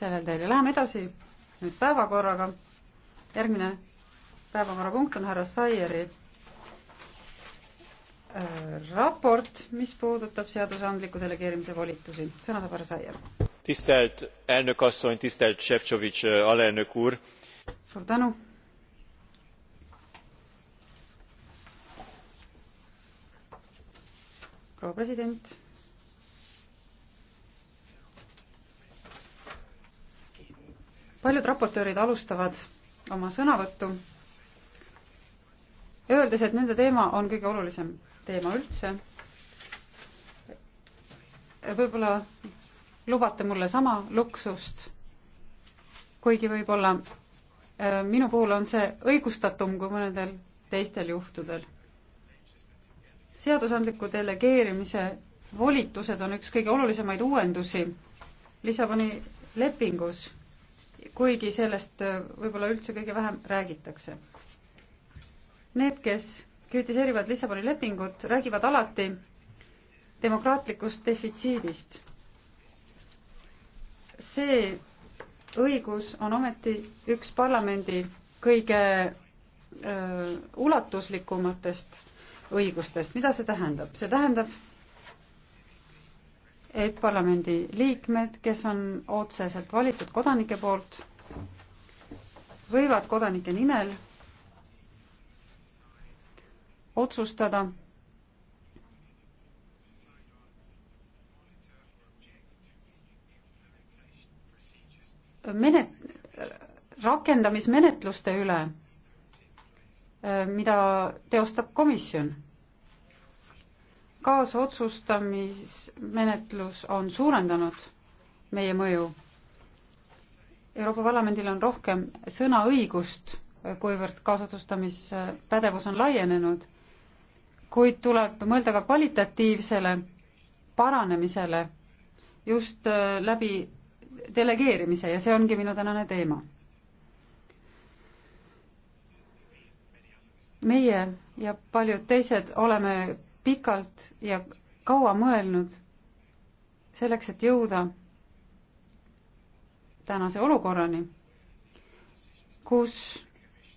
sellel teel ja läheme edasi nüüd päevakorraga. järgmine päevakorrapunkt on härra Saieri äh, raport, mis puudutab seadusandliku delegeerimise volitusi. sõna saab härra Saier. tistelt elnökasszony, tistelt Šefčovič äh, alelnök úr. suur tänu. proua president paljud raportöörid alustavad oma sõnavõttu öeldes, et nende teema on kõige olulisem teema üldse. võib-olla lubate mulle sama luksust, kuigi võib-olla äh, minu puhul on see õigustatum kui mõnedel teistel juhtudel. seadusandliku delegeerimise volitused on üks kõige olulisemaid uuendusi Lissaboni lepingus kuigi sellest äh, võib-olla üldse kõige vähem räägitakse. Need, kes kritiseerivad Lissaboni lepingut, räägivad alati demokraatlikust defitsiidist. see õigus on ometi üks parlamendi kõige öö, äh, ulatuslikumatest õigustest. mida see tähendab? see tähendab, et parlamendi liikmed, kes on otseselt valitud kodanike poolt, võivad kodanike nimel otsustada, menet-, rakendamismenetluste üle, mida teostab komisjon kaasotsustamismenetlus on suurendanud meie mõju. Euroopa Parlamendil on rohkem sõnaõigust, kuivõrd kaasotsustamispädevus on laienenud, kuid tuleb mõelda ka kvalitatiivsele paranemisele just äh, läbi delegeerimise ja see ongi minu tänane teema. meie ja paljud teised oleme pikalt ja kaua mõelnud selleks, et jõuda tänase olukorrani, kus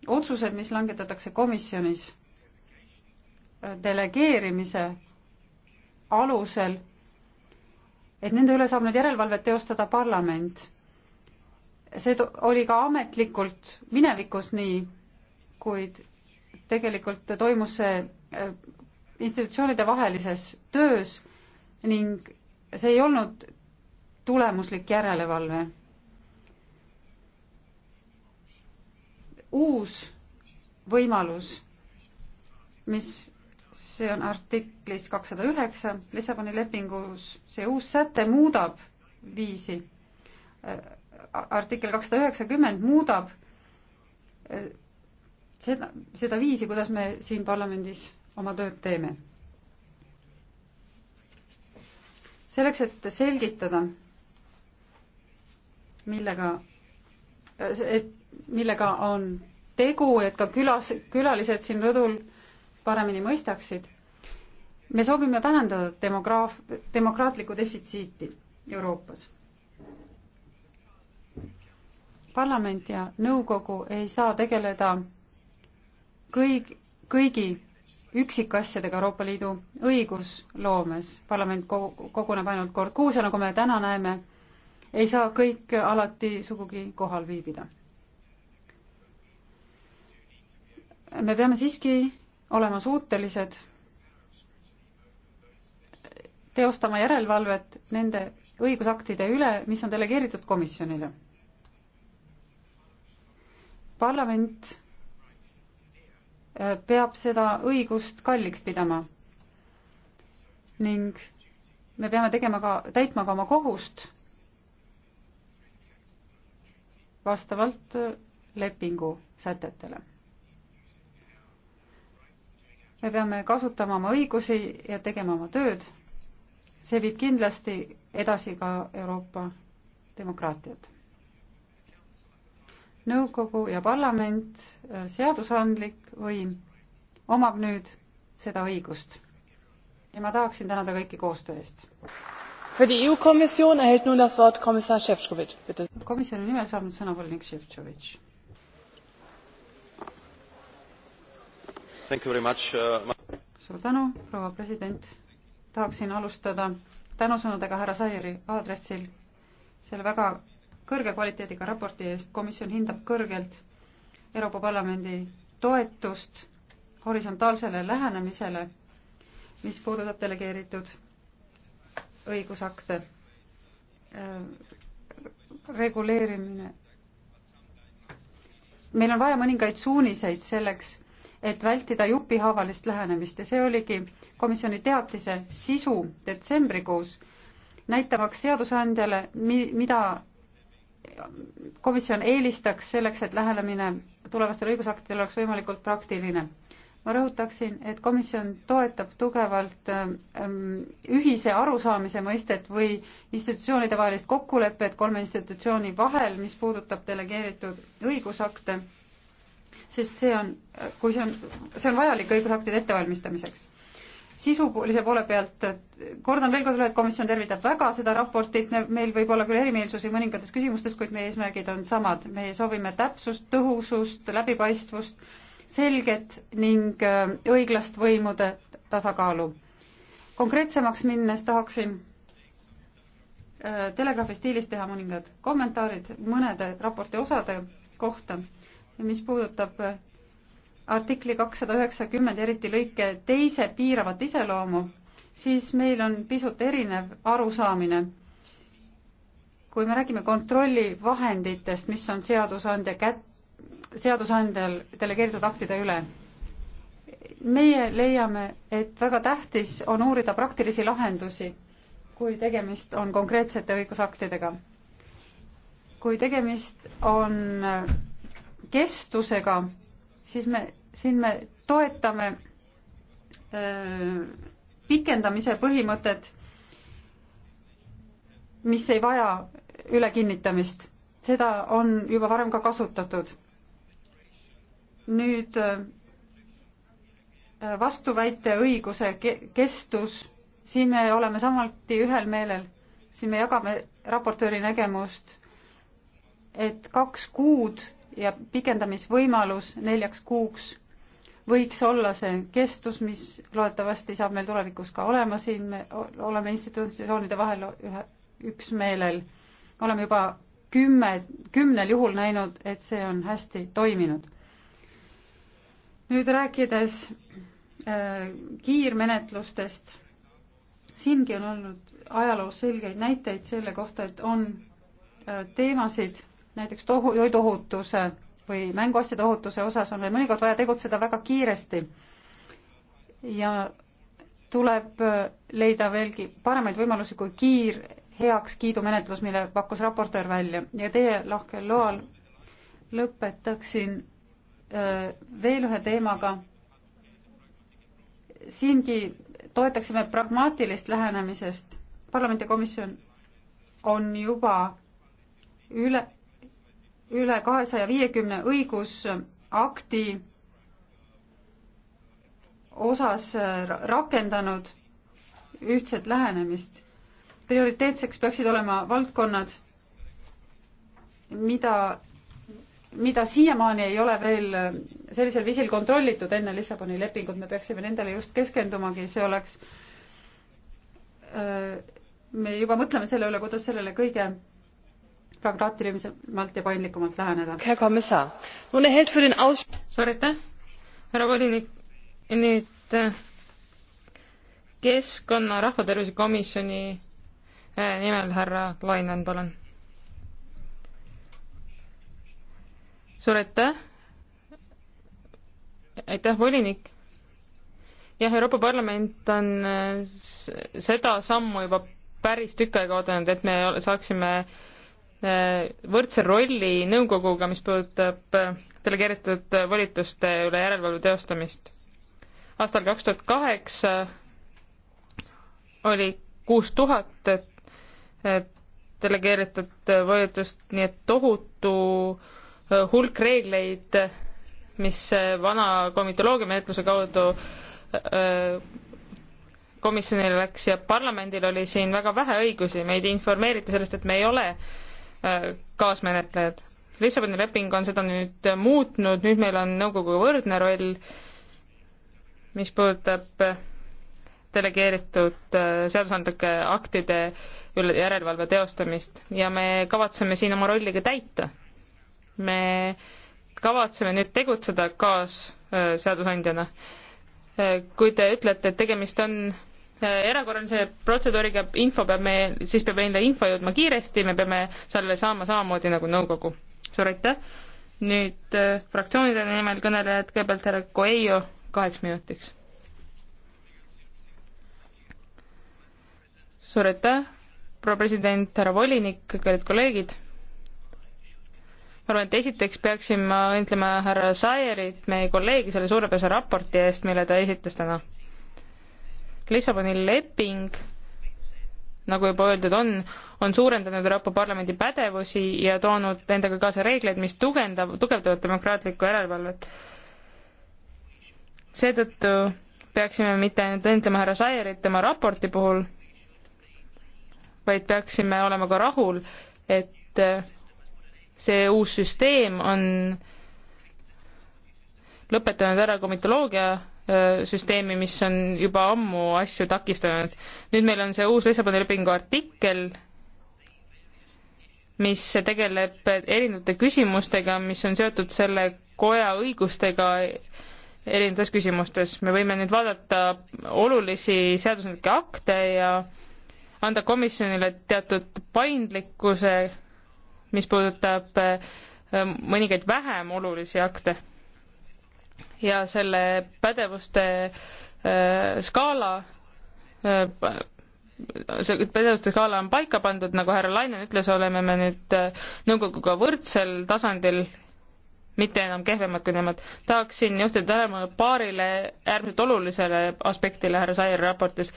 otsused, mis langetatakse komisjonis äh, delegeerimise alusel, et nende üle saab nüüd järelevalvet teostada parlament. see oli ka ametlikult minevikus nii, kuid tegelikult toimus see äh, institutsioonide vahelises töös ning see ei olnud tulemuslik järelevalve. uus võimalus, mis see on artiklis kakssada üheksa Lissaboni lepingus, see uus säte muudab viisi. artikkel kakssada üheksakümmend muudab eh, seda, seda viisi, kuidas me siin parlamendis oma tööd teeme. selleks, et selgitada, millega, et millega on tegu, et ka külas, külalised siin rõdul paremini mõistaksid, me soovime vähendada demograaf-, demokraatlikku defitsiiti Euroopas parlament ja nõukogu ei saa tegeleda kõig-, kõigi üksikasjadega Euroopa Liidu õigusloomes. parlament koguneb ainult kord kuus ja nagu me täna näeme, ei saa kõik alati sugugi kohal viibida. me peame siiski olema suutelised teostama järelevalvet nende õigusaktide üle, mis on delegeeritud komisjonile. parlament peab seda õigust kalliks pidama. ning me peame tegema ka, täitma ka oma kohust vastavalt äh, lepingu sätetele. me peame kasutama oma õigusi ja tegema oma tööd. see viib kindlasti edasi ka Euroopa demokraatiat nõukogu ja parlament, äh, seadusandlik võim omab nüüd seda õigust. ja ma tahaksin tänada kõiki koostöö eest. E komisjoni nimel saab nüüd sõna volinik Šefčovitš. Äh, suur tänu, proua president. tahaksin alustada tänusõnadega härra Sairi aadressil selle väga kõrge kvaliteediga raporti eest, komisjon hindab kõrgelt Euroopa Parlamendi toetust horisontaalsele lähenemisele, mis puudutab delegeeritud õigusakte. Äh, reguleerimine. meil on vaja mõningaid suuniseid selleks, et vältida jupihaavalist lähenemist ja see oligi komisjoni teatise sisu detsembrikuus, näitamaks seadusandjale, mi-, mida komisjon eelistaks selleks, et lähenemine tulevastel õigusaktidel oleks võimalikult praktiline. ma rõhutaksin, et komisjon toetab tugevalt ähm, ühise arusaamise mõistet või institutsioonide vahelist kokkulepet kolme institutsiooni vahel, mis puudutab delegeeritud õigusakte, sest see on, kui see on, see on vajalik õigusaktide ettevalmistamiseks sisulise poole pealt kordan veel kord üle, et komisjon tervitab väga seda raportit, meil võib olla küll erimeelsusi mõningates küsimustes, kuid meie eesmärgid on samad. me soovime täpsust, tõhusust, läbipaistvust, selget ning äh, õiglast võimude tasakaalu. konkreetsemaks minnes tahaksin äh, Telegraafi stiilis teha mõningad kommentaarid mõnede raporti osade kohta, mis puudutab äh, artikli kakssada üheksakümmend, eriti lõike teise piiravat iseloomu, siis meil on pisut erinev arusaamine. kui me räägime kontrollivahenditest, mis on seadusandja kät-, seadusandjal delegeeritud aktide üle, meie leiame, et väga tähtis on uurida praktilisi lahendusi, kui tegemist on konkreetsete õigusaktidega. kui tegemist on kestusega, siis me siin me toetame pikendamise põhimõtet, mis ei vaja ülekinnitamist. seda on juba varem ka kasutatud. nüüd vastuväite õiguse kestus, siin me oleme samuti ühel meelel, siin me jagame raportööri nägemust, et kaks kuud ja pikendamisvõimalus neljaks kuuks võiks olla see kestus, mis loodetavasti saab meil tulevikus ka olema siin, me oleme institutsioonide vahel ühe, üksmeelel, oleme juba kümme, kümnel juhul näinud, et see on hästi toiminud. nüüd rääkides äh, kiirmenetlustest, siingi on olnud ajaloos selgeid näiteid selle kohta, et on äh, teemasid, näiteks tohu, toiduohutuse äh, või mänguasjade ohutuse osas on meil mõnikord vaja tegutseda väga kiiresti ja tuleb äh, leida veelgi paremaid võimalusi kui kiir heakskiidumenetlus, mille pakkus raportöör välja ja teie lahkel loal lõpetaksin äh, veel ühe teemaga. siingi toetaksime pragmaatilist lähenemisest. parlamendikomisjon on juba üle, üle kahesaja viiekümne õigusakti osas rakendanud ühtset lähenemist. prioriteetseks peaksid olema valdkonnad, mida, mida siiamaani ei ole veel sellisel viisil kontrollitud enne Lissaboni lepingut, me peaksime nendele just keskendumagi, see oleks, äh, me juba mõtleme selle üle, kuidas sellele kõige pragmaatilisemalt ja paindlikumalt läheneda. suur aitäh, härra volinik, nüüd äh, keskkonna rahvatervise komisjoni äh, nimel härra Lainen, palun. suur aitäh, aitäh, volinik jah, Euroopa Parlament on äh, seda sammu juba päris tükk aega oodanud, et me saaksime Äh, võrdse rolli nõukoguga, mis puudutab äh, delegeeritud volituste üle järelevalve teostamist. aastal kaks tuhat kaheksa oli kuus tuhat äh, delegeeritud volitust, nii et tohutu hulk reegleid, mis vana komitoloogia menetluse kaudu komisjonil läks ja parlamendil oli siin väga vähe õigusi, meid informeeriti sellest, et me ei ole äh, Äh, kaasmenetlejad. Lissaboni leping on seda nüüd muutnud, nüüd meil on nõukoguga võrdne roll, mis puudutab delegeeritud äh, seadusandlike aktide üle järelevalve teostamist ja me kavatseme siin oma rolli ka täita. me kavatseme nüüd tegutseda kaasseadusandjana. Äh, kui te ütlete, et tegemist on erakorralise protseduuriga info peab me, siis peab enda info jõudma kiiresti, me peame selle saama samamoodi nagu nõukogu. suur aitäh! nüüd äh, fraktsioonide nimel kõnelejad, kõigepealt härra Coelho kaheks minutiks. suur aitäh, proua president, härra volinik, kallid kolleegid! ma arvan, et esiteks peaksin ma õnnitlema härra Sairit, meie kolleegi, selle suurepärase raporti eest, mille ta esitas täna no Lissaboni leping, nagu juba öeldud on, on suurendanud Euroopa Parlamendi pädevusi ja toonud endaga kaasa reegleid, mis tugevdav, tugevdavad demokraatlikku järelevalvet. seetõttu peaksime mitte ainult õnnitlema härra Sairit tema raporti puhul, vaid peaksime olema ka rahul, et see uus süsteem on lõpetanud ära komitoloogia Äh, süsteemi, mis on juba ammu asju takistanud. nüüd meil on see uus Lissaboni lepingu artikkel, mis tegeleb erinevate küsimustega, mis on seotud selle koja õigustega erinevates küsimustes. me võime nüüd vaadata olulisi seadusandlikke akte ja anda komisjonile teatud paindlikkuse, mis puudutab äh, mõningaid vähem olulisi akte ja selle pädevuste äh, skaala äh, see pädevuste skaala on paika pandud, nagu härra Laine ütles, oleme me nüüd äh, nõukoguga võrdsel tasandil, mitte enam kehvemad kui nemad. tahaksin juhtida tähelepanu paarile äärmiselt olulisele aspektile härra Sairi raportis.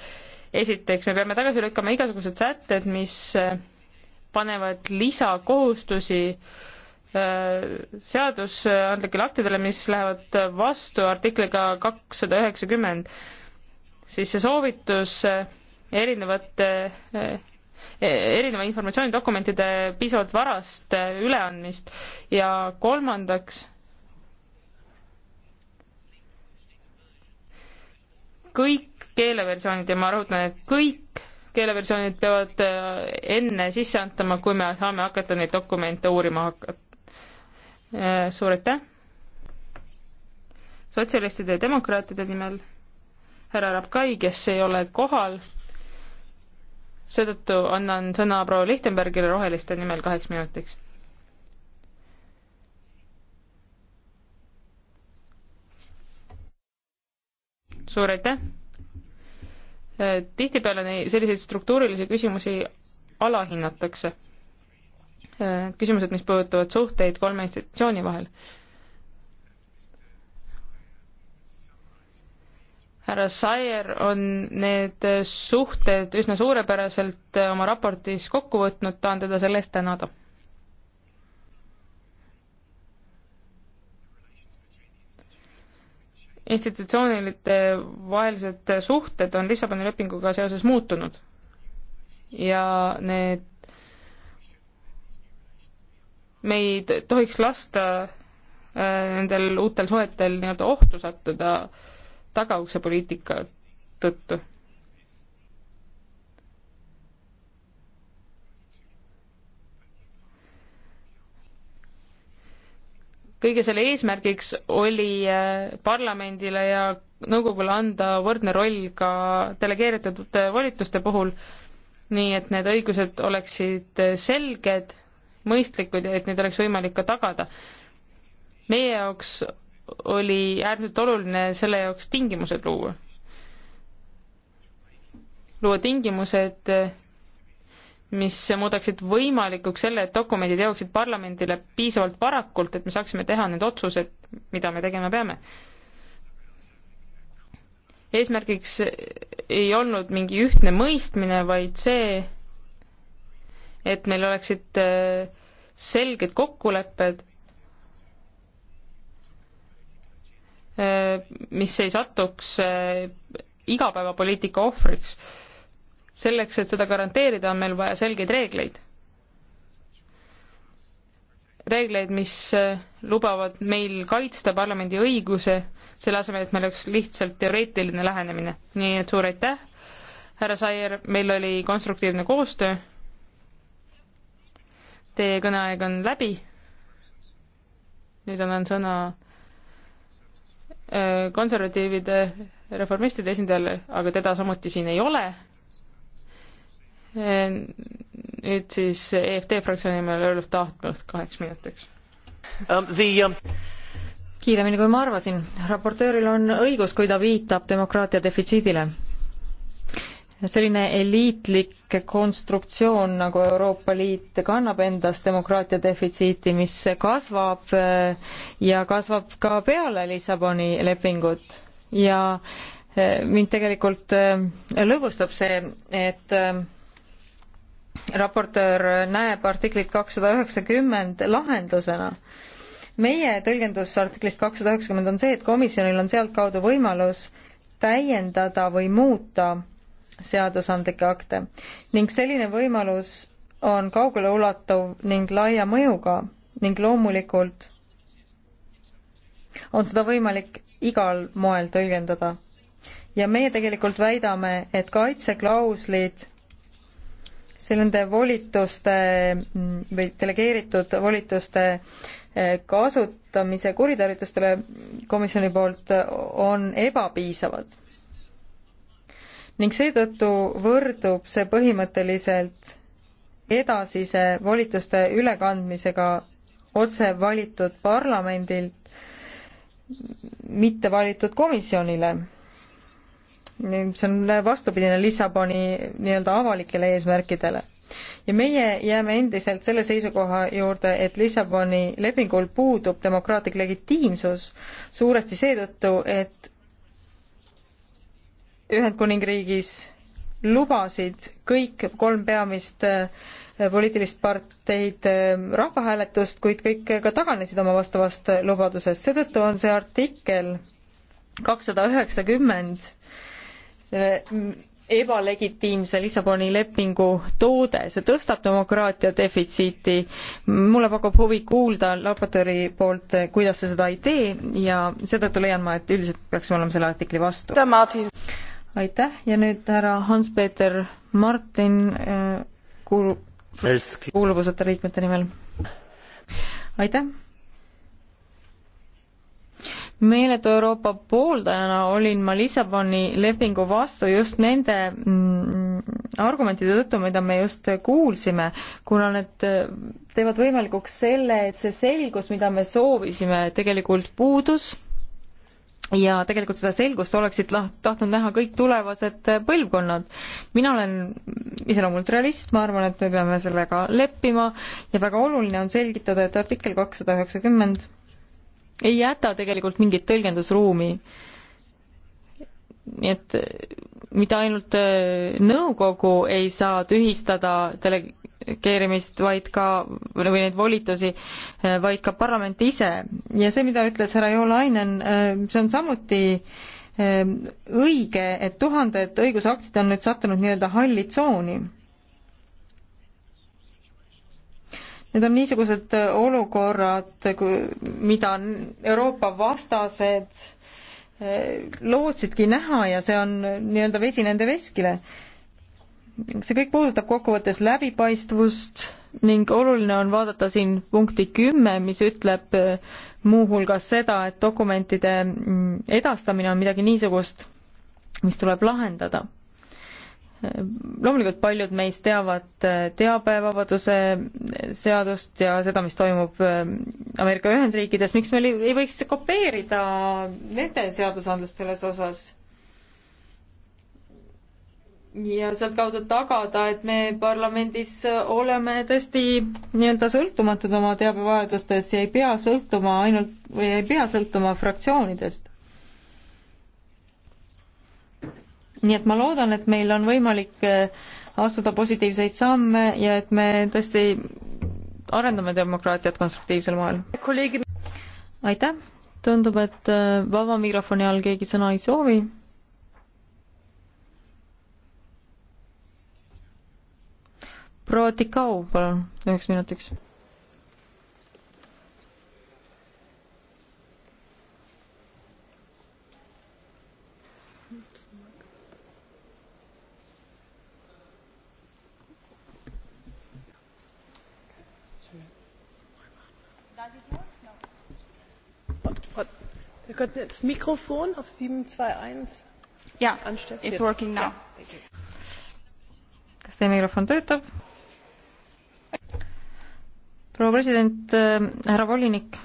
esiteks, me peame tagasi lükkama igasugused sätted, mis panevad lisakohustusi äh, seadusandlikele aktidele, mis lähevad vastu artikliga kakssada üheksakümmend, siis see soovitus eh, erinevate, eh, eh, erineva informatsioonidokumentide piisavalt varast üleandmist ja kolmandaks, kõik keeleversioonid ja ma rõhutan, et kõik keeleversioonid peavad enne sisse antama, kui me saame hakata neid dokumente uurima hakata Äh, suur aitäh! sotsialistide ja demokraatide nimel härra Rapkai, kes ei ole kohal, seetõttu annan sõna proua Lichtenbergile Roheliste nimel kaheks minutiks. suur aitäh! Äh, tihtipeale selliseid struktuurilisi küsimusi alahinnatakse Äh, küsimused, mis puudutavad suhteid kolme institutsiooni vahel. härra Saier on need suhted üsna suurepäraselt oma raportis kokku võtnud, tahan teda selle eest tänada. institutsioonide vahelised suhted on Lissaboni lepinguga seoses muutunud ja need me ei tohiks lasta äh, nendel uutel suhetel nii-öelda ohtu sattuda tagaukse poliitika tõttu. kõige selle eesmärgiks oli äh, parlamendile ja nõukogule anda võrdne roll ka delegeeritud volituste puhul, nii et need õigused oleksid selged mõistlikud ja et neid oleks võimalik ka tagada. meie jaoks oli äärmiselt oluline selle jaoks tingimused luua. luua tingimused, mis muudaksid võimalikuks selle, et dokumendid jõuaksid parlamendile piisavalt varakult, et me saaksime teha need otsused, mida me tegema peame. eesmärgiks ei olnud mingi ühtne mõistmine, vaid see, et meil oleksid äh, selged kokkulepped, äh, mis ei satuks äh, igapäevapoliitika ohvriks. selleks, et seda garanteerida, on meil vaja selgeid reegleid. reegleid, mis lubavad meil kaitsta parlamendi õiguse, selle asemel, et meil oleks lihtsalt teoreetiline lähenemine. nii et suur aitäh, härra Saier, meil oli konstruktiivne koostöö Teie kõneaeg on läbi. nüüd annan sõna äh, konservatiivide reformistide esindajale, aga teda samuti siin ei ole. Äh, nüüd siis EFD fraktsiooni nimel Ölf Tahtmelt kaheks minutiks um,. The um kiiremini, kui ma arvasin. raportööril on õigus, kui ta viitab demokraatia defitsiidile selline eliitlik konstruktsioon, nagu Euroopa Liit kannab endas demokraatia defitsiiti, mis kasvab eh, ja kasvab ka peale Lissaboni lepingut ja eh, mind tegelikult eh, lõbustab see, et raportöör näeb artiklit kakssada üheksakümmend lahendusena meie tõlgendus artiklist kakssada üheksakümmend on see, et komisjonil on sealtkaudu võimalus täiendada või muuta seadusandlikke akte ning selline võimalus on kaugeleulatov ning laia mõjuga ning loomulikult on seda võimalik igal moel tõlgendada. ja meie tegelikult väidame, et kaitseklauslid nende volituste või delegeeritud volituste eh, kasutamise kuritarvitustele komisjoni poolt on ebapiisavad ning seetõttu võrdub see põhimõtteliselt edasise volituste ülekandmisega otse valitud parlamendilt mitte valitud komisjonile. see on vastupidine Lissaboni nii-öelda avalikele eesmärkidele. ja meie jääme endiselt selle seisukoha juurde, et Lissaboni lepingul puudub demokraatlik legitiimsus suuresti seetõttu, et Ühendkuningriigis lubasid kõik kolm peamist äh, poliitilist parteid äh, rahvahääletust, kuid kõik ka taganesid oma vastavast lubadusest, seetõttu on see artikkel kakssada üheksakümmend mm, ebalegitiimse Lissaboni lepingu toode, see tõstab demokraatia defitsiiti. mulle pakub huvi kuulda raportööri poolt, kuidas ta seda ei tee ja seetõttu leian ma, et üldiselt peaksime olema selle artikli vastu aitäh ja nüüd härra Hans-Peeter Martin äh, kuul-, kuuluvuseta liikmete nimel. aitäh! meeletu Euroopa pooldajana olin ma Lissaboni lepingu vastu just nende mm, argumentide tõttu, mida me just kuulsime, kuna need äh, teevad võimalikuks selle, et see selgus, mida me soovisime, tegelikult puudus ja tegelikult seda selgust oleksid tahtnud näha kõik tulevased põlvkonnad. mina olen iseloomult realist, ma arvan, et me peame sellega leppima ja väga oluline on selgitada, et artikkel kakssada üheksakümmend ei jäta tegelikult mingit tõlgendusruumi. nii et mitte ainult äh, nõukogu ei saa tühistada dele-, delegeerimist, vaid ka, või neid volitusi, vaid ka parlament ise. ja see, mida ütles härra Jo Lainen, see on samuti ehm, õige, et tuhanded õigusaktid on nüüd sattunud nii-öelda halli tsooni Need on niisugused olukorrad, mida Euroopa vastased ehm, lootsidki näha ja see on nii-öelda vesi nende veskile see kõik puudutab kokkuvõttes läbipaistvust ning oluline on vaadata siin punkti kümme, mis ütleb äh, muuhulgas seda, et dokumentide mm, edastamine on midagi niisugust, mis tuleb lahendada. Äh, loomulikult paljud meist teavad äh, teabevabaduse seadust ja seda, mis toimub Ameerika Ühendriikides, miks me ei võiks kopeerida nende seadusandlust selles osas ja sealtkaudu tagada, et me parlamendis oleme tõesti nii-öelda sõltumatud oma teabevahetustes ja ei pea sõltuma ainult või ei pea sõltuma fraktsioonidest. nii et ma loodan, et meil on võimalik äh, astuda positiivseid samme ja et me tõesti arendame demokraatiat konstruktiivsel moel. aitäh, tundub, et äh, vaba mikrofoni all keegi sõna ei soovi proua Tikau, palun, üheks minutiks. könnten das Mikrofon auf 721 ja, anstellen. It's working now. Kas teie mikrofon töötab? proua president, äh, härra volinik.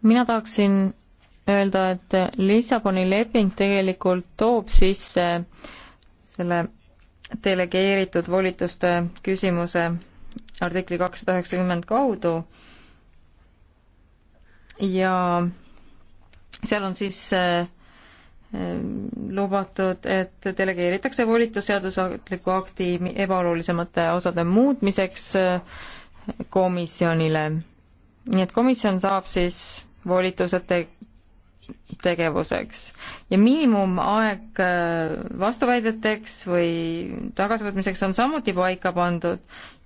mina tahaksin öelda, et Lissaboni leping tegelikult toob sisse selle delegeeritud volituste küsimuse artikli kakssada üheksakümmend kaudu ja seal on siis äh, lubatud, et delegeeritakse volitus seadusandliku akti ebaolulisemate osade muutmiseks äh, komisjonile. nii et komisjon saab siis volitused te tegevuseks ja miinimumaeg äh, vastuväideteks või tagasivõtmiseks on samuti paika pandud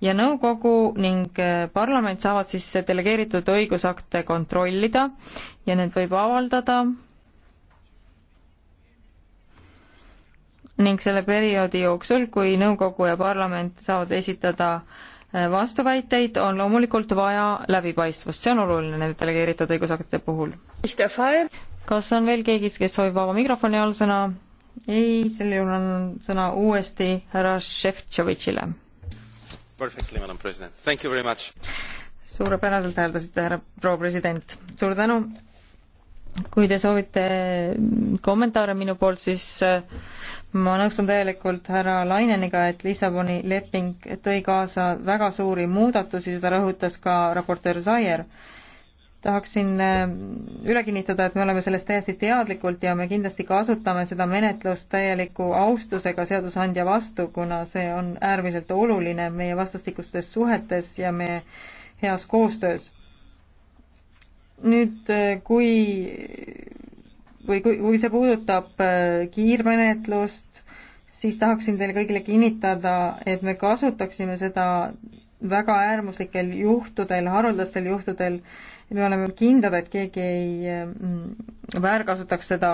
ja nõukogu ning äh, parlament saavad siis delegeeritud õigusakte kontrollida ja need võib avaldada ning selle perioodi jooksul, kui nõukogu ja parlament saavad esitada äh, vastuväiteid, on loomulikult vaja läbipaistvust, see on oluline nende delegeeritud õigusaktide puhul. kas on veel keegi, kes soovib vaba mikrofoni all sõna? ei, sel juhul on sõna uuesti härra Šeftšovitšile. suurepäraselt hääldasite, härra proua president, suur tänu kui te soovite kommentaare minu poolt, siis äh, ma nõustun täielikult härra Laineniga, et Lissaboni leping tõi kaasa väga suuri muudatusi, seda rõhutas ka raportöör Zaier. tahaksin äh, üle kinnitada, et me oleme sellest täiesti teadlikult ja me kindlasti kasutame seda menetlust täieliku austusega seadusandja vastu, kuna see on äärmiselt oluline meie vastastikustes suhetes ja meie heas koostöös. nüüd, äh, kui või kui, kui see puudutab äh, kiirmenetlust, siis tahaksin teile kõigile kinnitada, et me kasutaksime seda väga äärmuslikel juhtudel, haruldastel juhtudel, me oleme kindlad, et keegi ei mm, väärkasutaks seda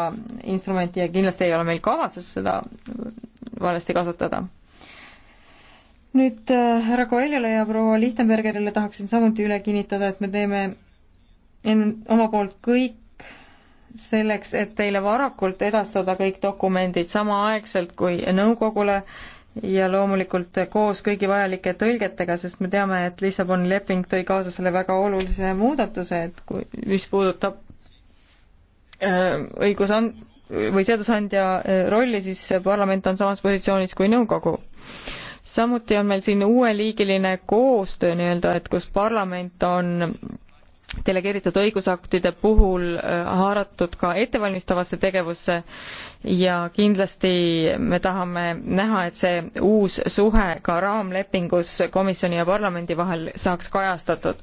instrumenti ja kindlasti ei ole meil kavatsus seda valesti kasutada. nüüd äh, härra Koeljale ja proua Lichtenbergerile tahaksin samuti üle kinnitada, et me teeme enne, oma poolt kõik, selleks, et teile varakult edastada kõik dokumendid samaaegselt kui nõukogule ja loomulikult koos kõigi vajalike tõlgetega, sest me teame, et Lissaboni leping tõi kaasa selle väga olulise muudatuse, et kui, mis puudutab äh, õigusan-, või seadusandja äh, rolli, siis parlament on samas positsioonis kui nõukogu. samuti on meil siin uueliigiline koostöö nii-öelda, et kus parlament on delegeeritud õigusaktide puhul äh, haaratud ka ettevalmistavasse tegevusse ja kindlasti me tahame näha, et see uus suhe ka raamlepingus komisjoni ja parlamendi vahel saaks kajastatud.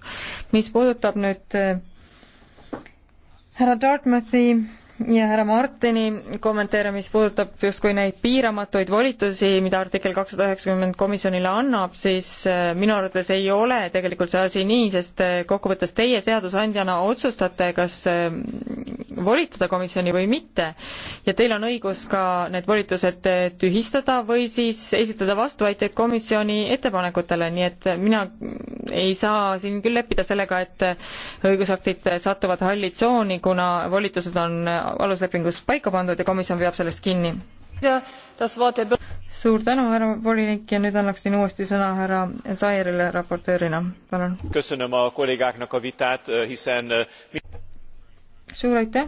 mis puudutab nüüd äh, härra Dartmouthi ja härra Martini kommentaare, mis puudutab justkui neid piiramatuid volitusi, mida artikkel kakssada üheksakümmend komisjonile annab, siis äh, minu arvates ei ole tegelikult see asi nii, sest äh, kokkuvõttes teie seadusandjana otsustate, kas äh, volitada komisjoni või mitte. ja teil on õigus ka need volitused tühistada või siis esitada vastuväiteid komisjoni ettepanekutele, nii et mina ei saa siin küll leppida sellega, et õigusaktid satuvad halli tsooni, kuna volitused on aluslepingus paika pandud ja komisjon peab sellest kinni. suur tänu, härra volinik ja nüüd annaksin uuesti sõna härra Sairile raportöörina, palun. suur aitäh,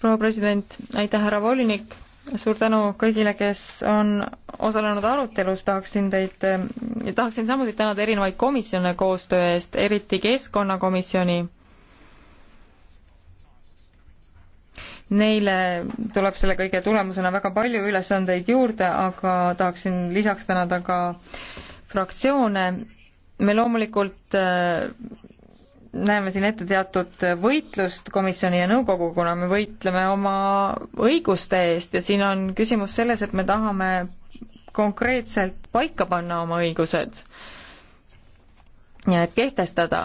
proua president, aitäh, härra volinik suur tänu kõigile, kes on osalenud arutelus, tahaksin teid, tahaksin samuti tänada erinevaid komisjone koostöö eest, eriti Keskkonnakomisjoni. Neile tuleb selle kõige tulemusena väga palju ülesandeid juurde, aga tahaksin lisaks tänada ka fraktsioone. me loomulikult näeme siin ette teatud võitlust komisjoni ja nõukogu, kuna me võitleme oma õiguste eest ja siin on küsimus selles, et me tahame konkreetselt paika panna oma õigused ja et kehtestada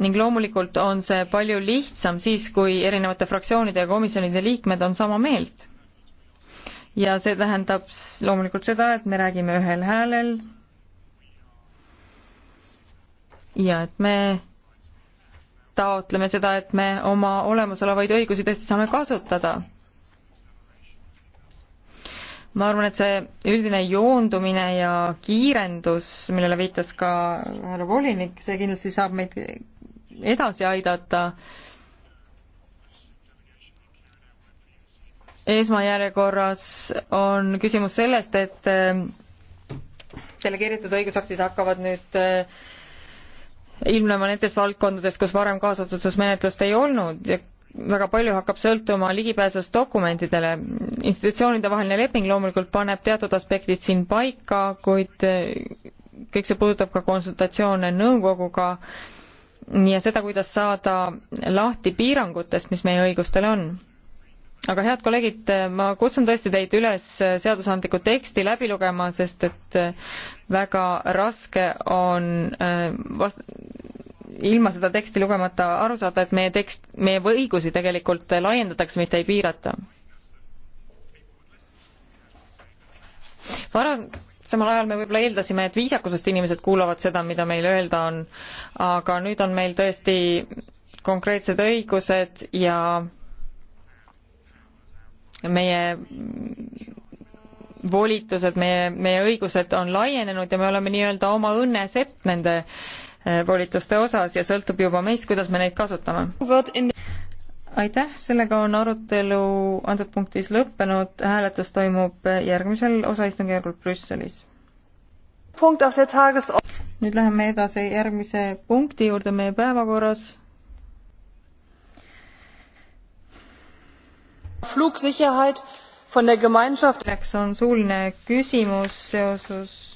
ning loomulikult on see palju lihtsam siis, kui erinevate fraktsioonide ja komisjonide liikmed on sama meelt. ja see tähendab loomulikult seda, et me räägime ühel häälel ja et me taotleme seda, et me oma olemasolevaid õigusi tõesti saame kasutada. ma arvan, et see üldine joondumine ja kiirendus, millele viitas ka härra volinik, see kindlasti saab meid edasi aidata esmajärjekorras on küsimus sellest, et delegeeritud õigusaktid hakkavad nüüd ilmnema nendes valdkondades, kus varem kaasotsustusmenetlust ei olnud ja väga palju hakkab sõltuma ligipääsust dokumentidele. institutsioonide vaheline leping loomulikult paneb teatud aspektid siin paika, kuid eh, kõik see puudutab ka konsultatsioone nõukoguga ja seda, kuidas saada lahti piirangutest, mis meie õigustel on aga head kolleegid, ma kutsun tõesti teid üles seadusandlikku teksti läbi lugema, sest et äh, väga raske on äh, vast-, ilma seda teksti lugemata aru saada, et meie tekst, meie õigusi tegelikult laiendatakse, mitte ei piirata. varasemal ajal me võib-olla eeldasime, et viisakusest inimesed kuulavad seda, mida meil öelda on, aga nüüd on meil tõesti konkreetsed õigused ja meie volitused, meie, meie õigused on laienenud ja me oleme nii-öelda oma õnne sepp nende eh, volituste osas ja sõltub juba meist, kuidas me neid kasutame. aitäh, sellega on arutelu antud punktis lõppenud, hääletus toimub järgmisel osaistungjärgul Brüsselis. nüüd läheme edasi järgmise punkti juurde meie päevakorras Flugsicherheit von der Gemeinschaft. on suuline küsimus seoses